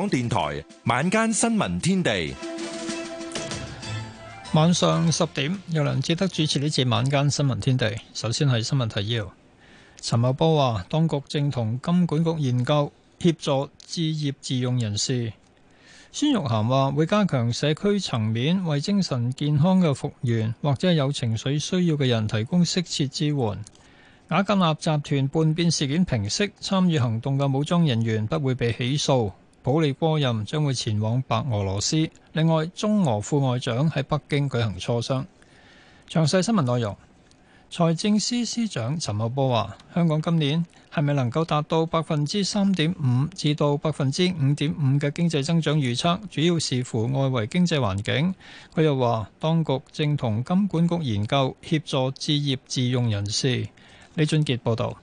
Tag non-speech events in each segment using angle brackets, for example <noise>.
港電台晚間新聞天地，晚上十點，尤良值得主持呢次晚間新聞天地。首先係新聞提要：陳茂波話，當局正同金管局研究協助置業自用人士。孫玉涵話，會加強社區層面為精神健康嘅復原或者有情緒需要嘅人提供適切支援。瓦格納集團叛變事件平息，參與行動嘅武裝人員不會被起訴。保利波任將會前往白俄羅斯。另外，中俄副外長喺北京舉行磋商。詳細新聞內容。財政司司長陳茂波話，香港今年係咪能夠達到百分之三點五至到百分之五點五嘅經濟增長預測，主要視乎外圍經濟環境。佢又話，當局正同金管局研究協助置業自用人士。李俊傑報道。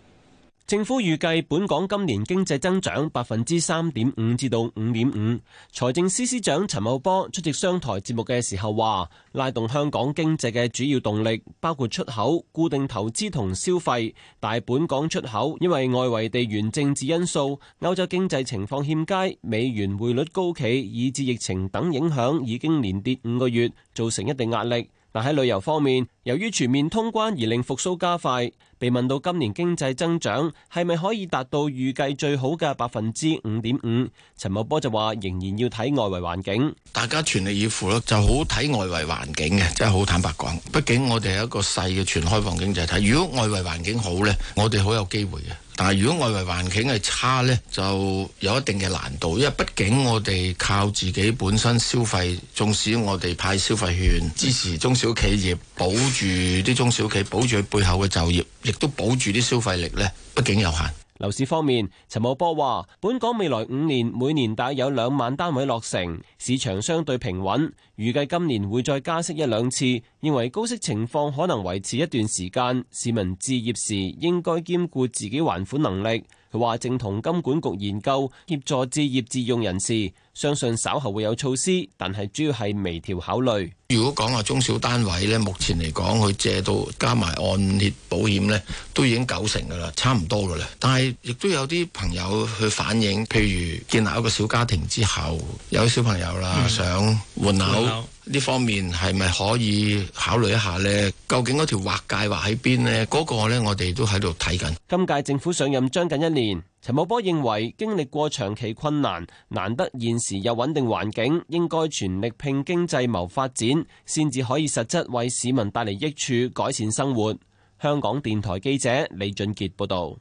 政府預計本港今年經濟增長百分之三點五至到五點五。財政司司長陳茂波出席商台節目嘅時候話，拉動香港經濟嘅主要動力包括出口、固定投資同消費。但本港出口因為外圍地緣政治因素、歐洲經濟情況欠佳、美元匯率高企以至疫情等影響，已經連跌五個月，造成一定壓力。但喺旅遊方面，由於全面通關而令復甦加快。被問到今年經濟增長係咪可以達到預計最好嘅百分之五點五，陳茂波就話仍然要睇外圍環境。大家全力以赴咯，就好睇外圍環境嘅，真係好坦白講。畢竟我哋係一個細嘅全開放經濟體，如果外圍環境好呢，我哋好有機會嘅。但係如果外圍環境係差呢，就有一定嘅難度，因為畢竟我哋靠自己本身消費，縱使我哋派消費券支持中小企業，保住啲中小企，保住佢背後嘅就業，亦都保住啲消費力呢，畢竟有限。樓市方面，陳茂波話，本港未來五年每年大約有兩萬單位落成，市場相對平穩，預計今年會再加息一兩次，認為高息情況可能維持一段時間。市民置業時應該兼顧自己還款能力。佢話正同金管局研究協助置業自用人士。相信稍後會有措施，但係主要係微調考慮。如果講話中小單位咧，目前嚟講佢借到加埋按揭保險咧，都已經九成噶啦，差唔多噶啦。但係亦都有啲朋友去反映，譬如建立一個小家庭之後，有小朋友啦，嗯、想換樓呢口方面係咪可以考慮一下呢？究竟嗰條劃界劃喺邊呢？嗰、嗰個咧，我哋都喺度睇緊。今屆政府上任將近一年。陳茂波認為，經歷過長期困難，難得現時有穩定環境，應該全力拼經濟謀發展，先至可以實質為市民帶嚟益處，改善生活。香港電台記者李俊杰報道。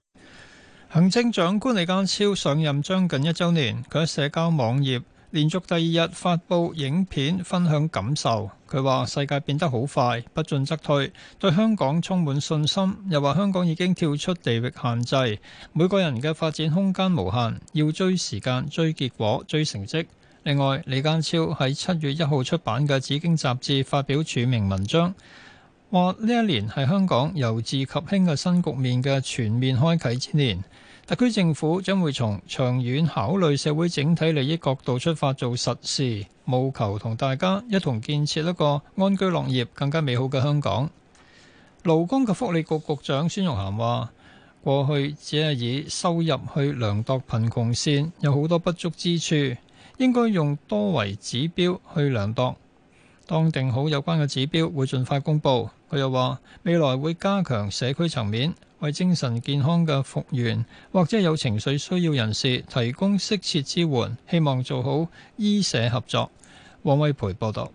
行政長官李家超上任將近一週年，佢喺社交網頁。連續第二日發佈影片分享感受，佢話世界變得好快，不進則退，對香港充滿信心。又話香港已經跳出地域限制，每個人嘅發展空間無限，要追時間、追結果、追成績。另外，李家超喺七月一號出版嘅《紫荊》雜誌發表署名文章，話呢一年係香港由治及興嘅新局面嘅全面開啓之年。特區政府將會從長遠考慮社會整體利益角度出發做實事，務求同大家一同建設一個安居樂業、更加美好嘅香港。勞工及福利局局長孫玉菡話：過去只係以收入去量度貧窮線，有好多不足之處，應該用多維指標去量度。當定好有關嘅指標，會盡快公佈。佢又話：未來會加強社區層面。為精神健康嘅復原或者有情緒需要人士提供適切支援，希望做好醫社合作。王威培報道。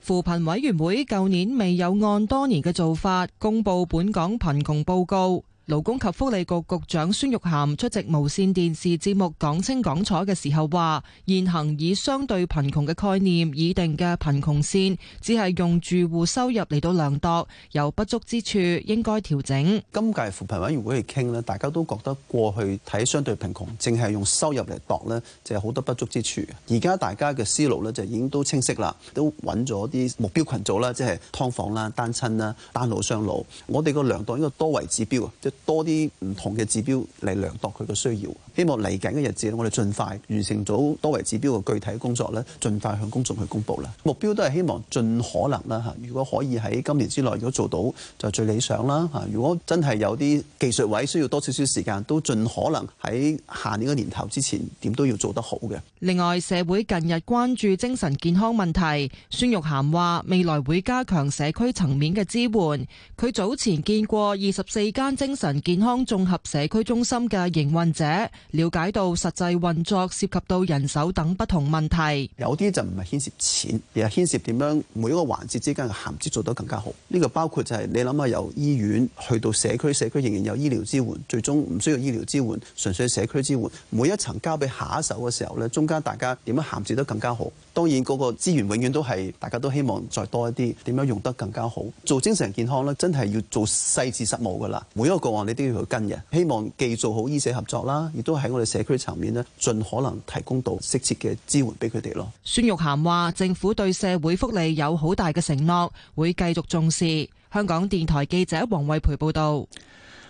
扶貧委員會舊年未有按多年嘅做法公布本港貧窮報告。勞工及福利局局長孫玉菡出席無綫電視節目講清講楚嘅時候話：現行以相對貧窮嘅概念擬定嘅貧窮線，只係用住戶收入嚟到量度，有不足之處，應該調整。今屆扶貧委員會去傾咧，大家都覺得過去睇相對貧窮，淨係用收入嚟度呢就有、是、好多不足之處。而家大家嘅思路呢，就已經都清晰啦，都揾咗啲目標群組啦，即係劏房啦、單親啦、單老雙老。我哋個量度應該多維指標啊！多啲唔同嘅指標嚟量度佢嘅需要，希望嚟緊嘅日子我哋盡快完成咗多維指標嘅具體工作咧，盡快向公眾去公布啦。目標都係希望盡可能啦吓，如果可以喺今年之內如果做到就最理想啦吓，如果真係有啲技術位需要多少少時間都盡可能喺下年嘅年頭之前點都要做得好嘅。另外，社會近日關注精神健康問題，孫玉菡話未來會加強社區層面嘅支援。佢早前見過二十四間精。神健康綜合社區中心嘅營運者了解到實際運作，涉及到人手等不同問題，有啲就唔係牽涉錢，而係牽涉點樣每一個環節之間嘅銜接做得更加好。呢個包括就係你諗下由醫院去到社區，社區仍然有醫療支援，最終唔需要醫療支援，純粹社區支援。每一層交俾下一手嘅時候咧，中間大家點樣銜接得更加好？當然，嗰個資源永遠都係大家都希望再多一啲，點樣用得更加好？做精神健康咧，真係要做細緻實務噶啦，每一個。你都要去跟嘅，希望繼續好醫社合作啦，亦都喺我哋社區層面咧，盡可能提供到適切嘅支援俾佢哋咯。孫玉菡話：政府對社會福利有好大嘅承諾，會繼續重視。香港電台記者黃惠培報道，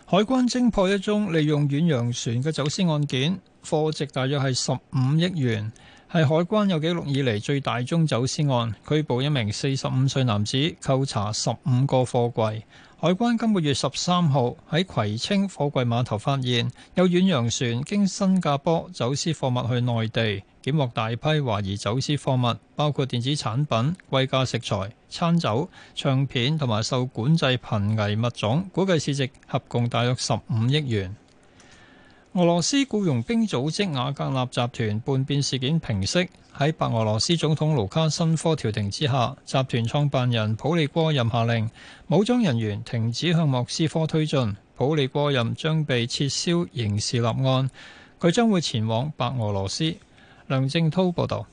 海關偵破一宗利用遠洋船嘅走私案件，貨值大約係十五億元。係海關有記錄以嚟最大宗走私案，拘捕一名四十五歲男子，扣查十五個貨櫃。海關今個月十三號喺葵青貨櫃碼頭發現有遠洋船經新加坡走私貨物去內地，檢獲大批懷疑走私貨物，包括電子產品、貴價食材、餐酒、唱片同埋受管制瀕危物種，估計市值合共大約十五億元。俄羅斯僱傭兵組織瓦格納集團叛變事件平息，喺白俄羅斯總統盧卡申科調停之下，集團創辦人普利戈任下令武裝人員停止向莫斯科推進。普利戈任將被撤銷刑事立案，佢將會前往白俄羅斯。梁正滔報導。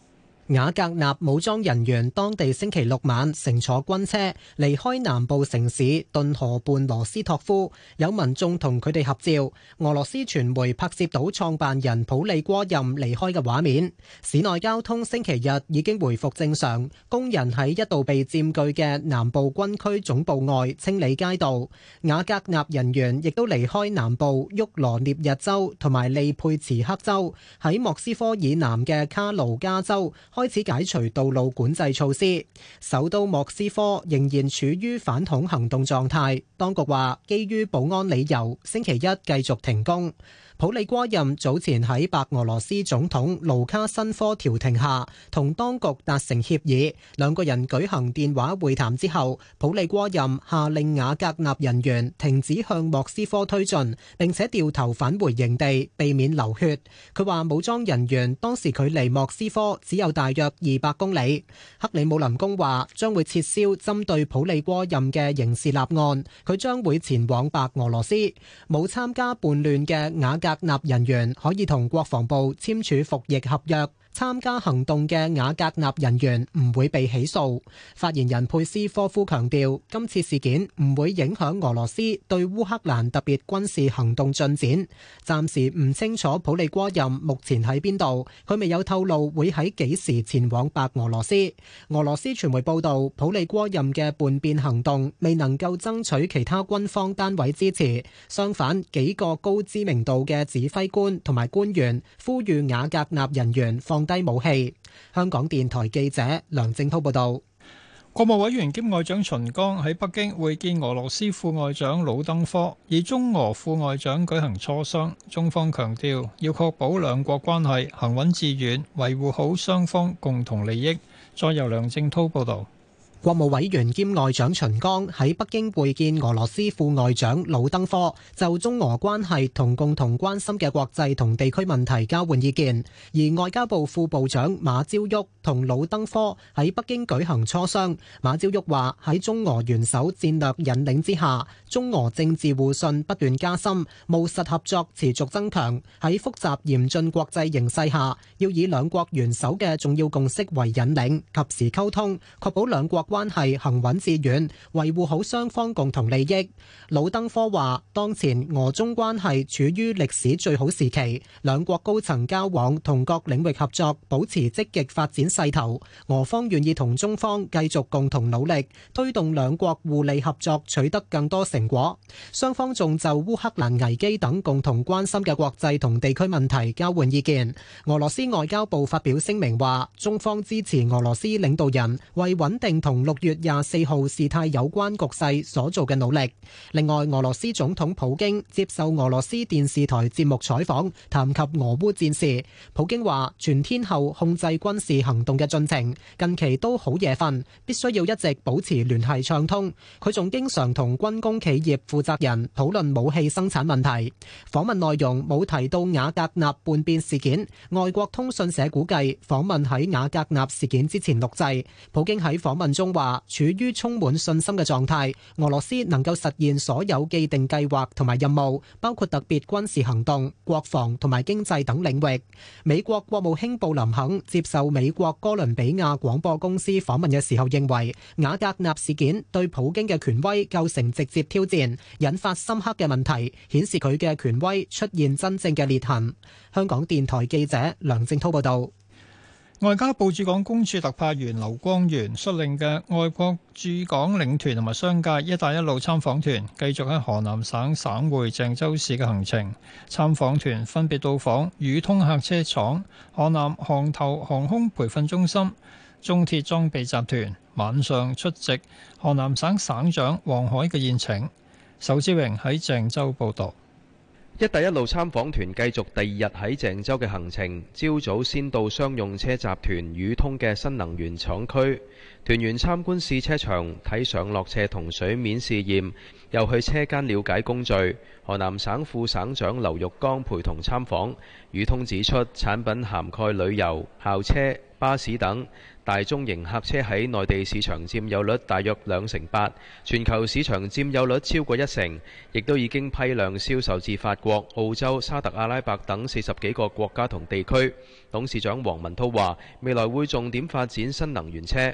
雅格納武裝人員當地星期六晚乘坐軍車離開南部城市頓河畔羅斯托夫，有民眾同佢哋合照。俄羅斯傳媒拍攝到創辦人普利戈任離開嘅畫面。市內交通星期日已經回復正常，工人喺一度被佔據嘅南部軍區總部外清理街道。雅格納人員亦都離開南部沃羅涅日州同埋利佩茨克州，喺莫斯科以南嘅卡盧加州，開始解除道路管制措施，首都莫斯科仍然處於反恐行動狀態。當局話，基於保安理由，星期一繼續停工。普里戈任早前喺白俄羅斯總統盧卡申科調停下，同當局達成協議，兩個人舉行電話會談之後，普里戈任下令瓦格納人員停止向莫斯科推進，並且掉頭返回營地，避免流血。佢話武裝人員當時距離莫斯科只有大約二百公里。克里姆林宮話將會撤銷針對普里戈任嘅刑事立案，佢將會前往白俄羅斯，冇參加叛亂嘅瓦格納入人員可以同國防部簽署服役合約。參加行動嘅雅格納人員唔會被起訴。發言人佩斯科夫強調，今次事件唔會影響俄羅斯對烏克蘭特別軍事行動進展。暫時唔清楚普利戈任目前喺邊度，佢未有透露會喺幾時前往白俄羅斯。俄羅斯傳媒報道，普利戈任嘅叛變行動未能夠爭取其他軍方單位支持，相反幾個高知名度嘅指揮官同埋官員呼籲雅格納人員放。降低武器。香港電台記者梁正濤報道：國務委員兼外長秦剛喺北京會見俄羅斯副外長魯登科，以中俄副外長舉行磋商。中方強調要確保兩國關係行穩致遠，維護好雙方共同利益。再由梁正濤報道。國務委員兼外長秦剛喺北京會見俄羅斯副外長魯登科，就中俄關係同共同關心嘅國際同地區問題交換意見。而外交部副部長馬朝旭。同魯登科喺北京舉行磋商。馬朝旭話：喺中俄元首戰略引領之下，中俄政治互信不斷加深，務實合作持續增強。喺複雜嚴峻國際形勢下，要以兩國元首嘅重要共識為引領，及時溝通，確保兩國關係行穩致遠，維護好雙方共同利益。魯登科話：當前俄中關係處於歷史最好時期，兩國高層交往同各領域合作保持積極發展勢頭，俄方願意同中方繼續共同努力，推動兩國互利合作取得更多成果。雙方仲就烏克蘭危機等共同關心嘅國際同地區問題交換意見。俄羅斯外交部發表聲明話，中方支持俄羅斯領導人為穩定同六月廿四號事態有關局勢所做嘅努力。另外，俄羅斯總統普京接受俄羅斯電視台節目採訪，談及俄烏戰事。普京話：全天候控制軍事行行近期都好夜瞓，必須要一直保持聯繫暢通。佢仲經常同軍工企業負責人討論武器生產問題。訪問內容冇提到瓦格納叛變事件。外國通訊社估計，訪問喺瓦格納事件之前錄製。普京喺訪問中話，處於充滿信心嘅狀態，俄羅斯能夠實現所有既定計劃同埋任務，包括特別軍事行動、國防同埋經濟等領域。美國國務卿布林肯接受美國。哥倫比亞廣播公司訪問嘅時候認為，雅格納事件對普京嘅權威構成直接挑戰，引發深刻嘅問題，顯示佢嘅權威出現真正嘅裂痕。香港電台記者梁正濤報道。外交部駐港公署特派員劉光源率領嘅外國駐港領團同埋商界“一帶一路”參訪團繼續喺河南省省會鄭州市嘅行程。參訪團分別到訪宇通客車廠、河南航投航空培訓中心、中鐵裝備集團。晚上出席河南省省，省長王凱嘅宴請。仇志榮喺鄭州報道。一帶一路參訪團繼續第二日喺鄭州嘅行程，朝早先到商用車集團宇通嘅新能源廠區，團員參觀試車場，睇上落斜同水面試驗。又去車間了解工序。河南省副省長劉玉剛陪同參訪。宇通指出，產品涵蓋旅遊校車、巴士等大中型客車，喺內地市場佔有率大約兩成八，全球市場佔有率超過一成，亦都已經批量銷售至法國、澳洲、沙特阿拉伯等四十幾個國家同地區。董事長黃文濤話：未來會重點發展新能源車。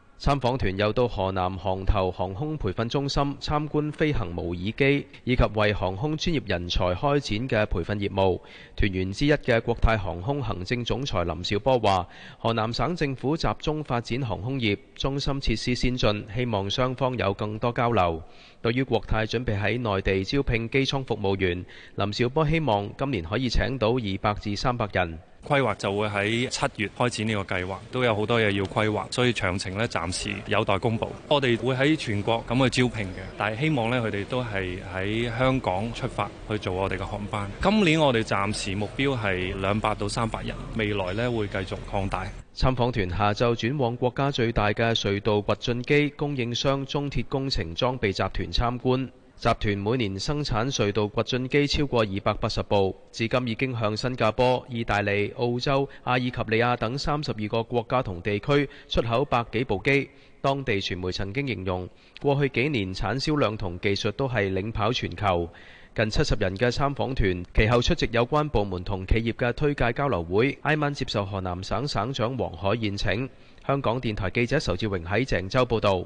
參訪團又到河南航投航空培訓中心參觀飛行模擬機以及為航空專業人才開展嘅培訓業務。團員之一嘅國泰航空行政總裁林紹波話，河南省政府集中發展航空業，中心設施先進，希望雙方有更多交流。對於國泰準備喺內地招聘機艙服務員，林紹波希望今年可以請到二百至三百人。規劃就會喺七月開展呢個計劃，都有好多嘢要規劃，所以詳情呢暫時有待公布。我哋會喺全國咁去招聘嘅，但係希望呢佢哋都係喺香港出發去做我哋嘅航班。今年我哋暫時目標係兩百到三百人，未來呢會繼續擴大。參訪團下晝轉往國家最大嘅隧道掘進機供應商中鐵工程裝備集團參觀。集團每年生產隧道掘進機超過二百八十部，至今已經向新加坡、意大利、澳洲、阿爾及利亞等三十二個國家同地區出口百幾部機。當地傳媒曾經形容，過去幾年產銷量同技術都係領跑全球。近七十人嘅參訪團，其後出席有關部門同企業嘅推介交流會。挨晚接受河南省省省長王凱宴請。香港電台記者仇志榮喺鄭州報導。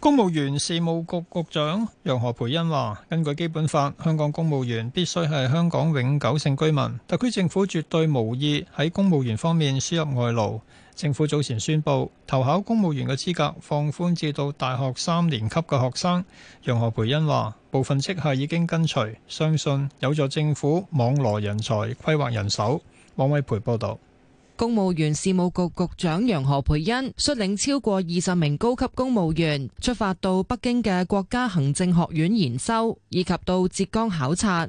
公務員事務局局長楊何培恩話，根據基本法，香港公務員必須係香港永久性居民，特區政府絕對無意喺公務員方面輸入外勞，政府早前宣布，投考公務員嘅資格放寬至到大學三年級嘅學生。楊何培恩話，部分職系已經跟隨，相信有助政府網羅人才、規劃人手。王偉培報道。公務員事務局局長楊何蓓茵率領超過二十名高級公務員出發到北京嘅國家行政學院研修，以及到浙江考察。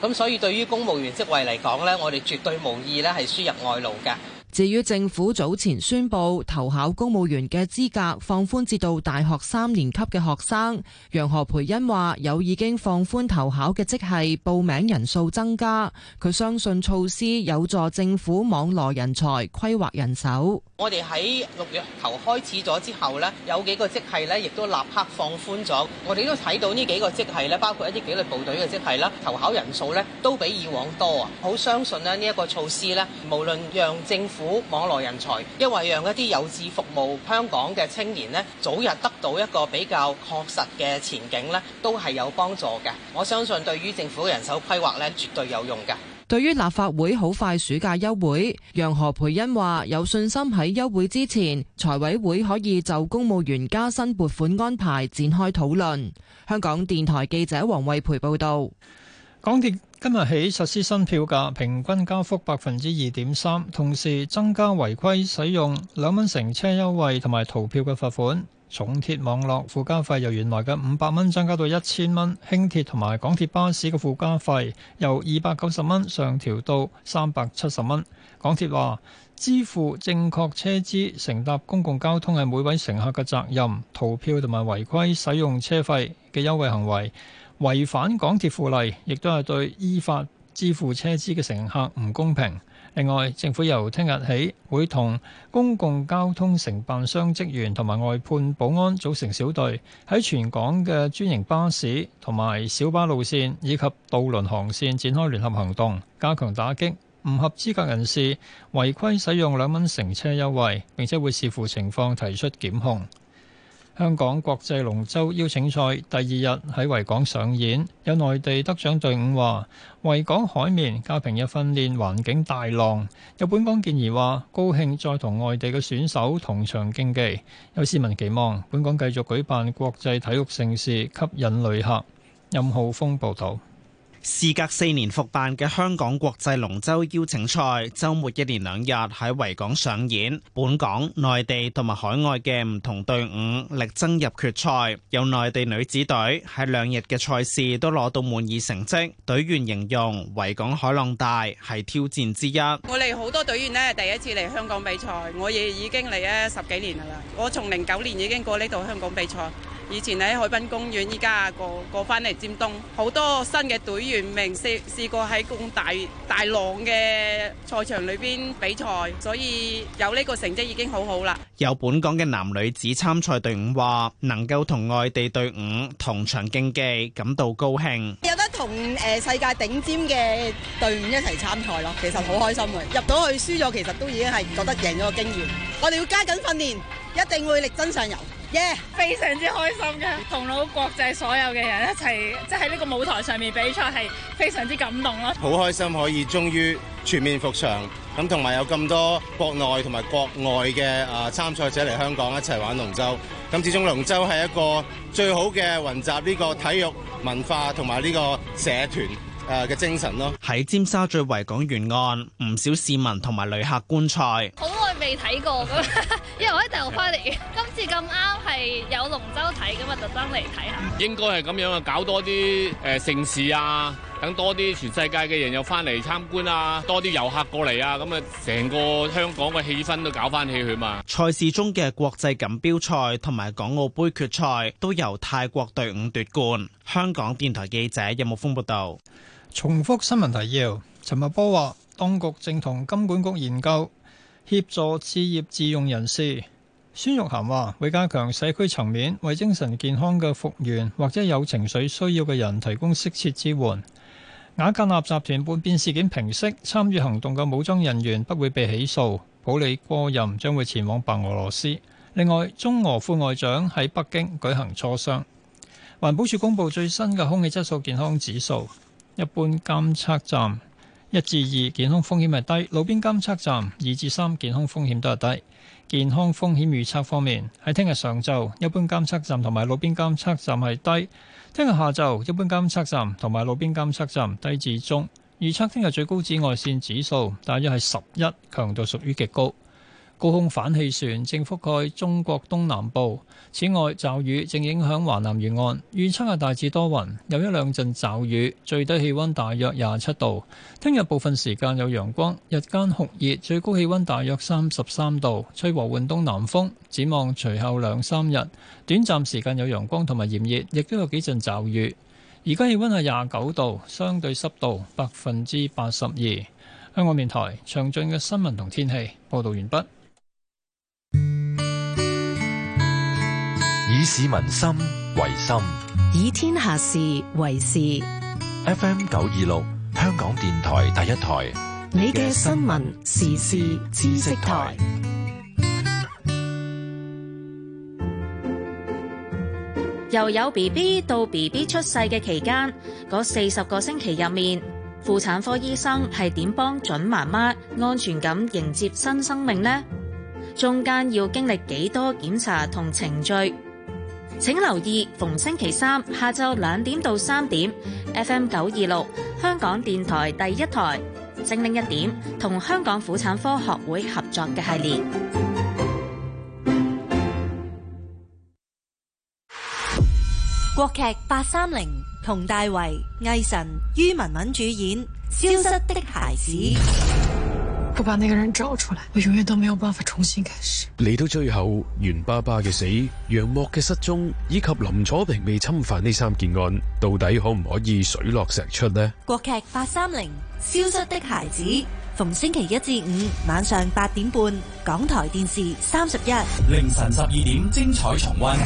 咁所以對於公務員職位嚟講呢，我哋絕對無意呢，係輸入外勞嘅。至於政府早前宣布投考公務員嘅資格放寬至到大學三年級嘅學生，楊何培恩話有已經放寬投考嘅職系，報名人數增加，佢相信措施有助政府網羅人才、規劃人手。我哋喺六月頭開始咗之後呢有幾個職系呢亦都立刻放寬咗。我哋都睇到呢幾個職系呢，包括一啲紀律部隊嘅職系啦，投考人數呢都比以往多啊！好相信呢，呢一個措施呢無論讓政府網羅人才，因為讓一啲有志服務香港嘅青年呢早日得到一個比較確實嘅前景呢都係有幫助嘅。我相信對於政府人手規劃呢，絕對有用嘅。對於立法會好快暑假休會，楊何培恩話有信心喺休會之前，財委會可以就公務員加薪撥款安排展開討論。香港電台記者黃惠培報道，港鐵今日起實施新票價，平均加幅百分之二點三，同時增加違規使用兩蚊乘車優惠同埋逃票嘅罰款。重鐵網絡附加費由原來嘅五百蚊增加到一千蚊，輕鐵同埋港鐵巴士嘅附加費由二百九十蚊上調到三百七十蚊。港鐵話支付正確車資，乘搭公共交通係每位乘客嘅責任。逃票同埋違規使用車費嘅優惠行為，違反港鐵附例，亦都係對依法支付車資嘅乘客唔公平。另外，政府由聽日起會同公共交通承辦商職員同埋外判保安組成小隊，喺全港嘅專營巴士同埋小巴路線以及渡輪航線展開聯合行動，加強打擊唔合資格人士違規使用兩蚊乘車優惠，並且會視乎情況提出檢控。香港國際龍舟邀請賽第二日喺維港上演，有內地得獎隊伍話：維港海面加平日訓練環境大浪。有本港健兒話：高興再同外地嘅選手同場競技。有市民期望本港繼續舉辦國際體育盛事，吸引旅客。任浩峰報導。事隔四年復辦嘅香港國際龍舟邀請賽，周末一連兩日喺維港上演。本港、內地同埋海外嘅唔同隊伍力爭入決賽。有內地女子隊喺兩日嘅賽事都攞到滿意成績。隊員形容維港海浪大係挑戰之一。我哋好多隊員呢第一次嚟香港比賽，我亦已經嚟咗十幾年啦。我從零九年已經過呢度香港比賽。以前喺海濱公園，依家過過返嚟尖東，好多新嘅隊員，明試試過喺咁大大浪嘅賽場裏邊比賽，所以有呢個成績已經好好啦。有本港嘅男女子參賽隊伍話，能夠同外地隊伍同場競技，感到高興。有得同誒世界頂尖嘅隊伍一齊參賽咯，其實好開心嘅。入到去輸咗，其實都已經係覺得贏咗個經驗。我哋要加緊訓練，一定會力爭上游。耶！Yeah，非常之開心嘅，同老國際所有嘅人一齊，即喺呢個舞台上面比賽係非常之感動咯。好開心可以終於全面復場，咁同埋有咁多國內同埋國外嘅誒、啊、參賽者嚟香港一齊玩龍舟。咁始終龍舟係一個最好嘅雲集呢個體育文化同埋呢個社團誒嘅、啊、精神咯。喺尖沙咀維港沿岸，唔少市民同埋旅客觀賽。好耐未睇過 <laughs> 因為我喺大陸翻嚟，今 <noise> 次咁啱係有龍舟睇，咁啊特登嚟睇下。應該係咁樣啊，搞多啲誒盛事啊，等多啲全世界嘅人又翻嚟參觀啊，多啲遊客過嚟啊，咁啊，成個香港嘅氣氛都搞翻起去嘛。賽事中嘅國際錦標賽同埋港澳杯決賽都由泰國隊伍奪冠。香港電台記者任木峰報道：「重複新聞提要。陳茂波話，當局正同金管局研究。協助置業自用人士，孫玉菡話會加強社區層面，為精神健康嘅復原或者有情緒需要嘅人提供適切支援。雅格納集團叛變事件平息，參與行動嘅武裝人員不會被起訴。普里過任將會前往白俄羅斯。另外，中俄副外長喺北京舉行磋商。環保署公布最新嘅空氣質素健康指數，一般監測站。一至二健康風險係低，路邊監測站二至三健康風險都係低。健康風險預測方面，喺聽日上晝一般監測站同埋路邊監測站係低，聽日下晝一般監測站同埋路邊監測站低至中。預測聽日最高紫外線指數大約係十一，強度屬於極高。高空反氣旋正覆蓋中國東南部。此外，驟雨正影響華南沿岸。預測係大致多雲，有一兩陣驟雨，最低氣温大約廿七度。聽日部分時間有陽光，日間酷熱，最高氣温大約三十三度，吹和緩東南風。展望隨後兩三日，短暫時間有陽光同埋炎熱，亦都有幾陣驟雨。而家氣温係廿九度，相對濕度百分之八十二。香港電台詳盡嘅新聞同天氣報導完畢。以市民心為心，以天下事為事。F. M. 九二六，香港電台第一台，你嘅新聞時事知識台。由有 B. B. 到 B. B. 出世嘅期間，嗰四十個星期入面，婦產科醫生係點幫準媽媽安全咁迎接新生命呢？中間要經歷幾多檢查同程序？請留意逢星期三下晝兩點到三點，FM 九二六香港電台第一台，精靈一點同香港婦產科學會合作嘅系列。國劇八三零，佟大為、魏晨、于文文主演《消失的孩子》。我永遠都沒有辦法重新開始。嚟到最後，袁爸爸嘅死、楊墨嘅失蹤以及林楚平被侵犯呢三件案，到底可唔可以水落石出呢？國劇八三零《消失的孩子》，逢星期一至五晚上八點半，港台電視三十一，凌晨十二點精彩重溫。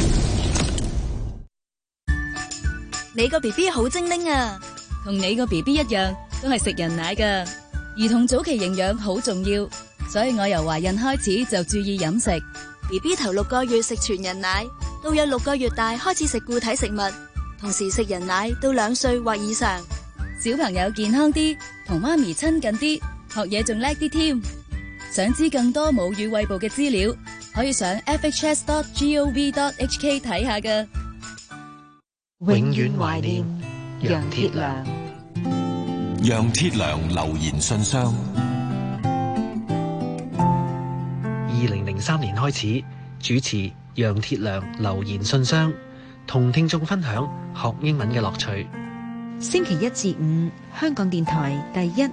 你個 BB 好精靈啊，同你個 BB 一樣，都係食人奶㗎。兒童早期營養好重要，所以我由懷孕開始就注意飲食。BB 頭六個月食全人奶，到有六個月大開始食固體食物，同時食人奶到兩歲或以上。小朋友健康啲，同媽咪親近啲，學嘢仲叻啲添。想知更多母乳餵哺嘅資料，可以上 fhs.gov.hk 睇下㗎。永遠懷念楊鐵良。楊鐵樑留言信箱，二零零三年開始主持《楊鐵樑留言信箱》，同聽眾分享學英文嘅樂趣。星期一至五，香港電台第一、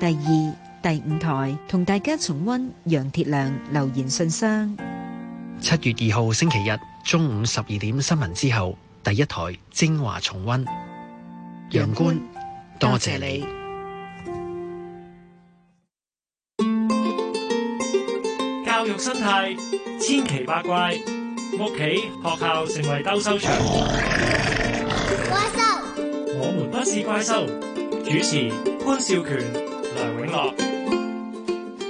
第二、第五台同大家重溫《楊鐵樑留言信箱》。七月二號星期日中午十二點新聞之後，第一台精華重溫楊觀。多謝你。教育生態千奇百怪，屋企、學校成為鬥獸場。怪獸，我們不是怪獸。主持潘少權、梁永樂。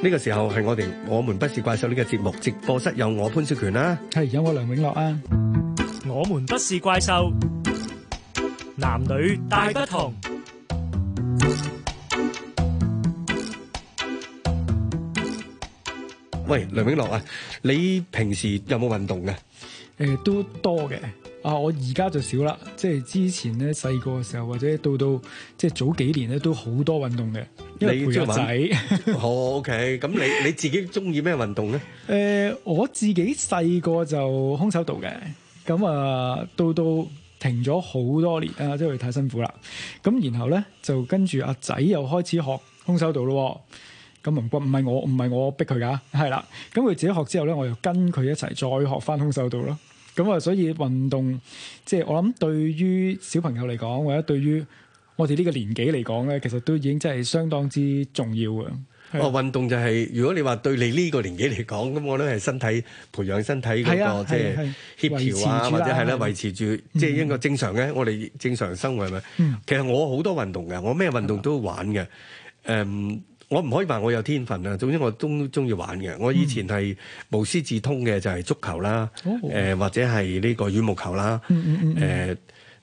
呢個時候係我哋《我們不是怪獸》呢、這個節目直播室有我潘少權啦，係有我梁永樂啊。我們不是怪獸，男女大不同。 <laughs> 喂，梁永樂啊，你平時有冇運動嘅？誒、呃，都多嘅。啊，我而家就少啦。即係之前咧，細個嘅時候或者到到即係早幾年咧，都好多運動嘅。因為陪你陪阿仔。好 <laughs> OK，咁你你自己中意咩運動咧？誒、 <laughs> 呃，我自己細個就空手道嘅。咁、嗯、啊，到到停咗好多年啊，因為太辛苦啦。咁然後咧，就跟住阿仔又開始學空手道咯。咁唔關，唔係我唔係我逼佢噶，係啦。咁佢自己學之後咧，我又跟佢一齊再學返空手道咯。咁啊，所以運動即係我諗，對於小朋友嚟講，或者對於我哋呢個年紀嚟講咧，其實都已經真係相當之重要嘅。哦，運動就係如果你話對你呢個年紀嚟講，咁我都係身體培養身體嗰個即係協調啊，或者係啦，維持住即係一個正常嘅我哋正常生活係咪？其實我好多運動嘅，我咩運動都會玩嘅，誒。我唔可以話我有天分啦，總之我都中意玩嘅。我以前係無師自通嘅，就係足球啦，誒或者係呢個羽毛球啦，誒，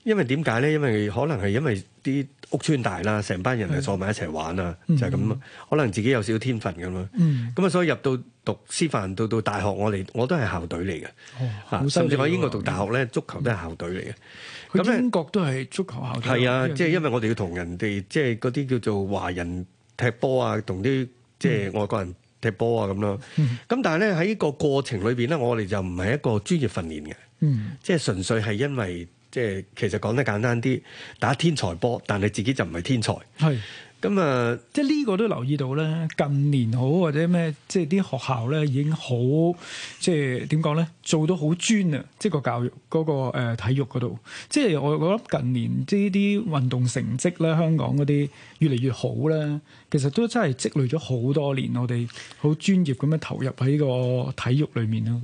因為點解咧？因為可能係因為啲屋邨大啦，成班人係坐埋一齊玩啦，就係咁咯。可能自己有少少天分咁咯。咁啊，所以入到讀師範，到到大學，我哋我都係校隊嚟嘅，甚至我喺英國讀大學咧，足球都係校隊嚟嘅。咁英國都係足球校隊。係啊，即係因為我哋要同人哋，即係嗰啲叫做華人。踢波啊，同啲即係外國人踢波啊咁咯。咁、嗯、但係咧，喺呢個過程裏邊咧，我哋就唔係一個專業訓練嘅，嗯、即係純粹係因為即係其實講得簡單啲，打天才波，但係自己就唔係天才。係。咁啊，即係呢個都留意到咧。近年好或者咩，即係啲學校咧已經好，即係點講咧，做到好專啊！即係個教育嗰、嗰個誒、呃、體育嗰度，即係我我諗近年即係呢啲運動成績咧，香港嗰啲越嚟越好咧。其實都真係積累咗好多年，我哋好專業咁樣投入喺個體育裏面咯。